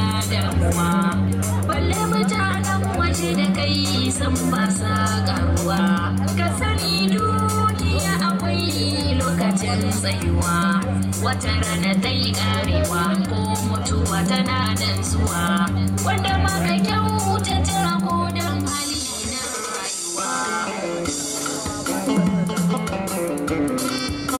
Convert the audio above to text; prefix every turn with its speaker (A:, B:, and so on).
A: da damuwa balle mutanen waje da kai san ba sa karuwa ka sani duniya akwai lokacin tsayuwa wata rana ta yi karewa ko mutuwa tana nan zuwa wanda